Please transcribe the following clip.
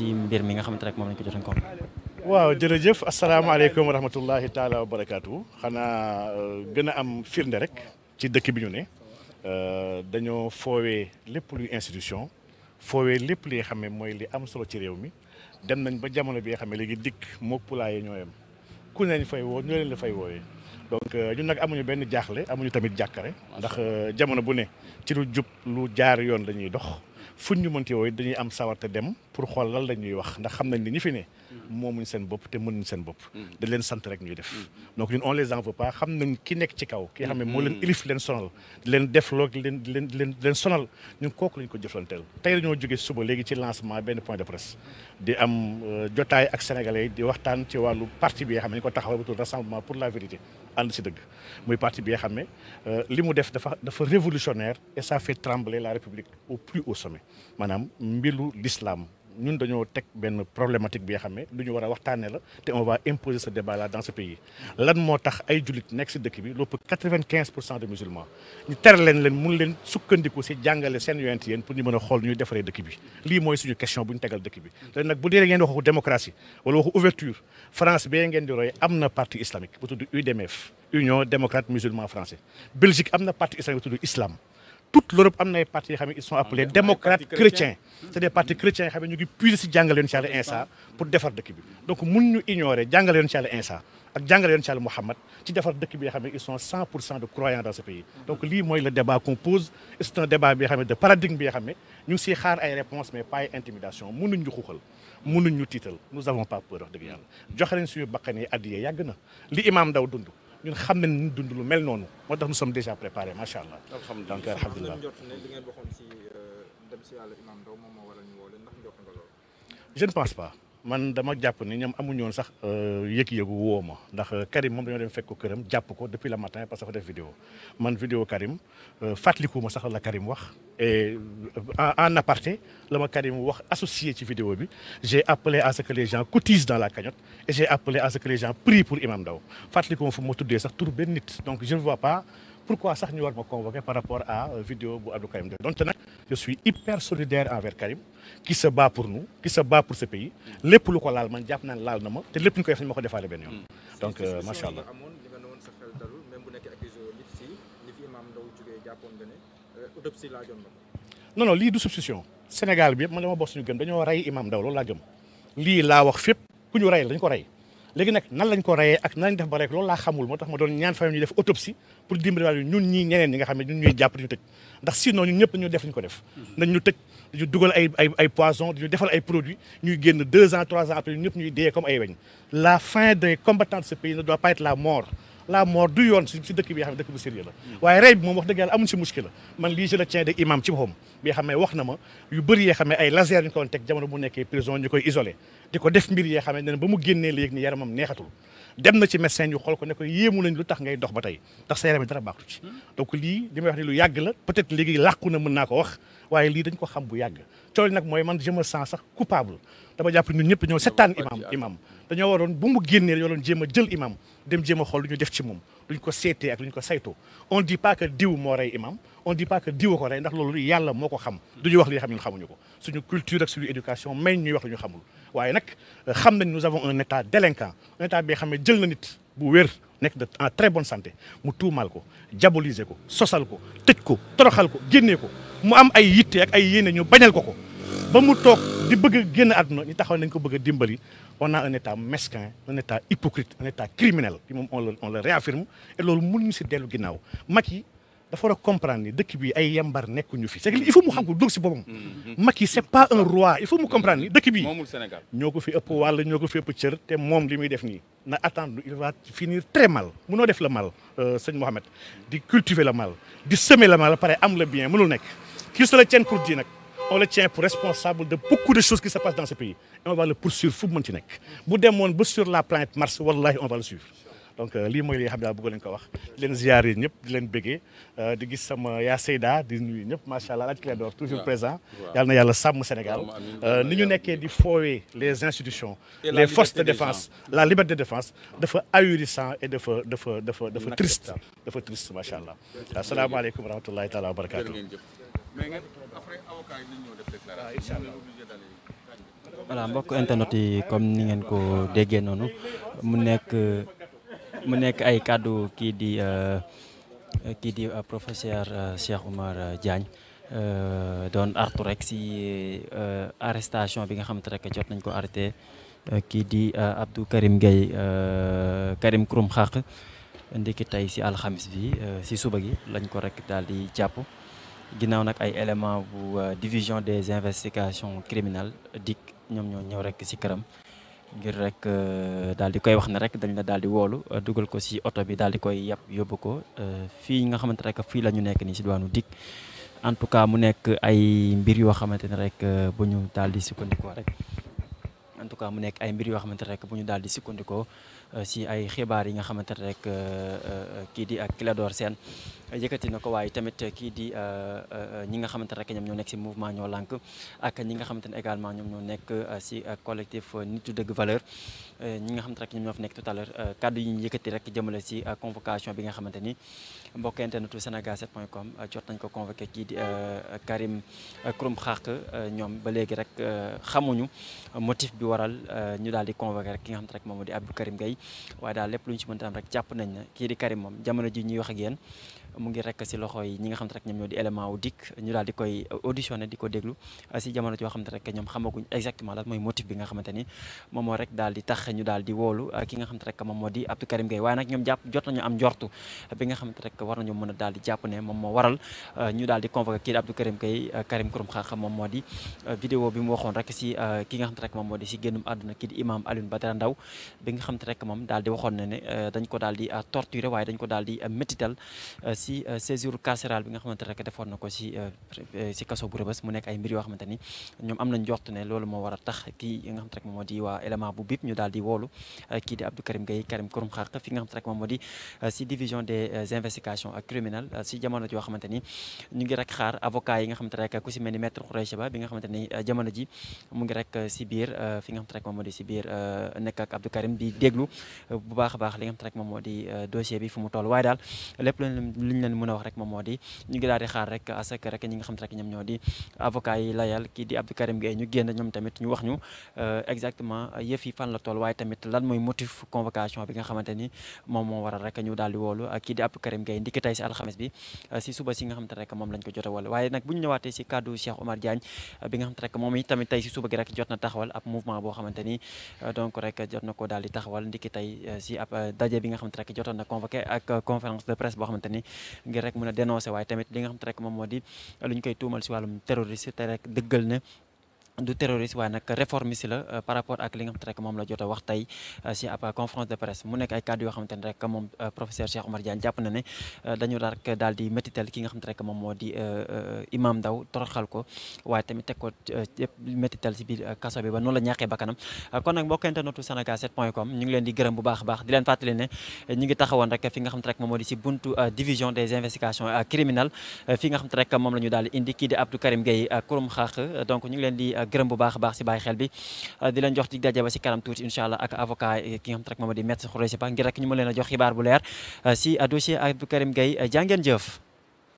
ci mbir mi nga xamante rek moom lañ ko jotoon ko waaw jërëjëf asalaamaaleykum wa rahmatullahi taala wa barakaatu xanaa euh, gën a am firnde rek ci dëkk bi ñu ne euh, dañoo foowee lépp luy institution foowee lépp li nga xam ne mooy li am solo ci réew mi dem nañ ba jamono bi nga xam ne léegi dikk mook pulaayee ñoo yem ku ne lañ fay woo ñoo leen la fay woowee donc euh, ñun nag amuñu benn jaaxle amuñu tamit jàkkare ndax jamono bu ne ci lu jub lu jaar yoon lañuy dox fuñ ñu mënti wooyu dañuy am te dem pour xol lan la ñuy wax ndax xam nañ ni ñi fi ne moomuñ seen bopp te mën ñu seen bopp mm. dañ leen sant rek ñuy def mm. donc ñun on les en veut pas xam nañ ki nekk ci kaw ki xam ne moo leen mm. ilif leen sonal di leen def loog leen leen leen leen sonal ñun kooku lañ ko jëflanteel tey dañoo jógee suba léegi ci lancement benn point de presse di am euh, jotaay ak sénégalais di waxtaan ci wàllu parti bi nga xam ne ñu ko taxawal bu tudd rassemblement pour la vérité ànd si muy parti bi nga xam ne euh, li mu def dafa dafa révolutionnaire et ça fait trembler la république au plus maanaam mbiru l'islam ñun dañoo teg benn problématique bi nga xam war a waxtaanee la te on va imposer ce débat là dans ce pays lan moo tax ay jullit nekk si dëkk bi lépp quatre-vingt-quinze pour cent de musulmans ñu ter leen leen mun leen sukkandiku si jàngale seen yonent yéen pour ñu mën a xool ñuy defaree dëkk bi lii mooy suñu question bu tegal dëkk bi te bu dee ngeen waxu démocratie wala waxu ouverture France bee ngeen di roy am na parti islamique na parti tout l'Europe am na ay partis yoo xam ne ils sont ah, appelés démocrates chrétiens c'est des partis chrétiens yoo xam ne ñu ngi puiser si jàngale yoon ci Yàlla pour defar dëkk bi donc mun ñu ignorer jàngale yoon ci Yàlla Insa ak jàngale yoon ci Yàlla Muhammad ci defar dëkk bi yoo xam ne ils sont 100 pour cent de croyants dans ce pays donc lii mooy le débat qu'on pose c'est un débat bi nga xam ne de paradigme bi nga xam ne ñu ngi siy xaar ay réponses mais pas ay intimidation tiital nous avons dëgg yàlla joxe nañ suñu bakkan yi addiye yàgg na li imam ñun xam nañ ñu dund lu mel noonu moo tax nous sommes déjà préparés macha allah. alhamdulilah donc alhamdulilah. Euh, je ne pense pas. man dama jàpp ni ñoom amuñu woon sax euh, yëg-yëgu woo ma ndax euh, Karim moom dañoo dem fekk ko këram jàpp ko depuis le matin parce que dafa def vidéo man vidéo Karim euh, fàttaliku ma sax la Karim wax et en aparté lama ma Karim wax associé ci vidéo bi j'ai appelé à ce que les gens cotisent dans la cagnotte et j'ai appelé à ce que les gens prient pour Imam Ndao fàttaliku fu ma tuddee sax tur benn nit donc je ne vois pas pourquoi sax ñu war ma convoquer par rapport à vidéo bu Abdou Karim def je suis hyper solidaire envers Karim qui se bat pour nous qui se bat pour ce pays lépp lu ko laal man jàpp naa laal na ma te lépp ñu koy def ma ko defaale benn yoon. Hmm. donc euh, macha allah. Euh, non non lii du substitution Sénégal bi yëpp man dama bokk suñu gëm dañoo rey Imam ndaw loolu laa gëm lii laa wax fépp ku ñu rey dañu ko rey. léegi nag nan lañ ko reyee ak nan lañ def ba rek loolu laa xamul moo tax ma doon ñaan famille ñu def autopsie pour dimbali waale ñun ñi ñeneen ñi nga xam ne ñun ñuy jàpp dañu tëj ndax sinon ñun ñëpp dañu def ñu ko def mhm. nañ ñu tëj ñu dugal ay ay ay poison dañu defal ay produit ñuy génn deux ans trois ans après ñun ñëpp ñuy dee comme ay weñ la fin des combattants de ce pays ne doit pas être la moor la mort du yoon si dëkk bi xam ne dëkk bu sérieux la waaye rey bi moom wax dëgg yàlla amuñ si muskil la man lii je le tiens de imam ci boppam bi xam ne wax na ma yu bëri yee xam ne ay laser ñu nekkee prison ñu koy isolé di ko def mbir yee xam ne ba mu génnee léegi ni yaramam neexatul dem na ci médecin yu xool ko ne ko yéemu nañ lu tax ngay dox ba tey ndax sa yaram dara baaxtu ci donc lii li may wax ne lu yàgg la peut-être léegi làqu na mën naa ko wax waaye lii dañ ko xam bu yàgg cool nag mooy man je me sens sax coupable dama jàpp ñun ñëpp dañoo setaan imam imam dañoo waroon bu mu génnee yoo doon jéem a jël imam dem jéem a xool ñu def ci moom lu ko seetee ak lu ko saytoo on dit pas que diw moo rey imam on dit pas que diw ko rey ndax loolu yàlla moo ko xam du ñu wax li nga xam ñun xamuñu ko suñu culture ak suñu éducation may ñuy wax lu ñu xamul waaye nag euh, xam nañ nous avons un état délinquant un état bi nga xam ne jël na nit bu wér nekk de en très bon santé mu tuumaal ko diaboliser ko sosal ko tëj ko toroxal ko génnee ko mu am ay yitte ak ay yéene ñu bañal ko ko ba mu toog di bëgg a génn àdduna ñu taxaw nañ ko bëgg a dimbali on a un état mesquin un état hypocrite un état criminel bi moom on le on le réaffirme et loolu mënuñu si dellu ginnaaw Macky dafa war comprendre dëkk bi ay yambar nekkuñu fi c'est que il faut mu xam ko dugg si boppam. Macky c'est pas un roi il faut mu comprendre dëkk bi. moomul Sénégal ñoo ko fi ëpp wàll ñoo ko fi ëpp cër te moom li muy def nii. na attendre il va finir très mal munoo def le mal euh, sëñ Mohamed di cultiver le mal di semer le mal pare am la bien mënul nekk. qui se le tient pour dit nag on le tient pour responsable de beaucoup de choses qui se passent dans ce pays et on va demoon ba sur la planète Mars wallahi on va le suivre. donc euh, lii mooy li nga xam daal bëgg leen ko wax di leen ziar yi ñëpp di leen béggee euh, di gis sama yaa Seyda di nuyu ñëpp macha allah Alaaji Clédor toujours présent yàlla na yàlla sàmm Sénégal euh, ni ñu nekkee di foowee les institutions les forces de défense la liberté de défense dafa ahurissant et dafa dafa dafa dafa triste dafa triste macha allah asalaamaaleykum wa rahmatullahi taala wa barakatu ah, voilà mbokk internet yi comme ni ngeen ko mu nekk ay kàddu kii di euh, euh, kii di euh, professeur Cheikh Oumar Diagne doon artu rek si arrestation bi nga xamante rek jot nañ ko arrêté kii di Abdou Karim Gueye Karim Krum xaq ndiki tey si alxamis bi si suba gi lañ ko rek daal di jàpp ginnaaw nag ay élément bu division des investigations criminale dik ñoom ñoo ñëw rek si këram ngir rek euh, daal di koy wax ne rek dañ la daal di woolu euh, dugal ko si oto bi daal di koy yàpp yóbbu ko euh, fii nga xamante rek fii la ñu nekk nii si diwaanu dikk en tout cas mu nekk ay mbir yoo xamante ne rek bu ñu daal di sukkandikoo rek. en tout cas mu nekk ay mbir yoo xamante rek bu ñu daal di sukkandikoo euh, si ay xibaar yi nga xamante ne rek euh, euh, kii di ak Clédor Sène yëkkati na ko waaye tamit kii di ñi nga xamante rek ñoom ñoo nekk si mouvement ñoo lànk ak ñi nga xamante ne également ñoom ñoo nekk si collectif nitu dëgg valeur ñi nga xamante rek ñoom ñoo fi nekk tout à l'heure yi ñu yëkkati rek jëmale si convocation bi nga xamante ni mbokk internetu Sénégal 7 point com euh, jot nañ ko convoqué kii di euh, Karim Xrum euh, Xax ñoom ba léegi rek xamuñu motif bi waral ñu daal di convoqué rek ki nga xam ne rek moom moo di Abdou Karim Gueye waaye daal lépp lu ñu ci mën a rek jàpp nañ ne kii di Karim moom jamono ji ñuy wax ak yéen mu ngi rek si loxo yi ñi nga xam te rek ñoom ñoo di élément wu dikk ñu daal di koy euh, auditionné di ko déglu euh, si jamono joo euh, waaye a daal di dañ ko daal di si euh, séjour carcéral bi nga xamante rek defoon na ko si si euh, euh, kaso bu rëbës mu nekk ay mbir yoo xamante ni ñoom am nañ jortu ne loolu moo war a tax kii nga xamante rek moom moo di waa élément bu di woolu kii di Abdou Karim Gueye Karim Kurum Xaq fi nga xamante rek si division des investigations ak si jamono joo xamante ni ñu ngi rek xaar avocat yi nga xamante rek ku si mel ni maître Khoureychi Ba bi nga xamante ni jamono ji mu ngi rek si biir fi nga xamante rek moom moo di si biir nekk ak Abdou Karim di déglu bu baax a baax li nga xamante rek moom moo di dossier bi mu toll waaye daal li ñu leen mën a wax rek moom moo di ñu ngi daal di xaar rek à ce que rek ñi nga xam rek ñoom ñoo di avocat yi layal kii di Abdou Karim Gueye ñu génn ñoom tamit ñu wax ñu euh, exactement yëf yi fan la toll waaye tamit lan mooy motif convocation bi nga xamante ni moom moo waral rek ñu daal di woolu kii di Abdou Karim Gueye ndiki euh, moom lañ ko jot a woolu waaye nag bu ñu ñëwaatee si kaddu Cheikh Omar Diagne euh, bi nga xam te rek moom i tamit tey si suba gi rek jot na taxawal ab mouvement boo xamante donc rek jot na ko daal di taxawal ndiki tey si ab daje bi nga xamante rek jotoon na convoqué ak conférence ngir rek mën a dénoncer waaye tamit li nga xam te rek moom moo di ñu koy tuumal si wàllum terroriste te rek dëggal ne du terroriste waaye nag réformiste la euh, par rapport ak li nga xamante rek moom la jot wax tey euh, si ab conférence de presse mu nekk ay kàddu yoo xamante ne euh, ne rek moom moo di Imam Ndao toroxal ko waaye tamit teg ko yëpp métital biir kaso bi ba noonu la ñàkkee bakkanam kon nag mbokkante notu sénégal 7 point com ñu ngi leen di gërëm bu baax baax di leen fàttali ne ñu ngi taxawoon rek fi nga xamante rek rek moom la daal indi kii di Abdou Karim Gueye kurum xaax donc ñu ngi gërëm bu baax baax si bàyyi xel bi uh, di leen jox dig daje ba si kanam tuuti incha allah ak avocat ki nga xam te rek moom di maître Khoureychi Ba ngir rek ñu mën leen a jox xibaar bu leer uh, si uh, dossier Abdou Karim Gueye jàngeen jëf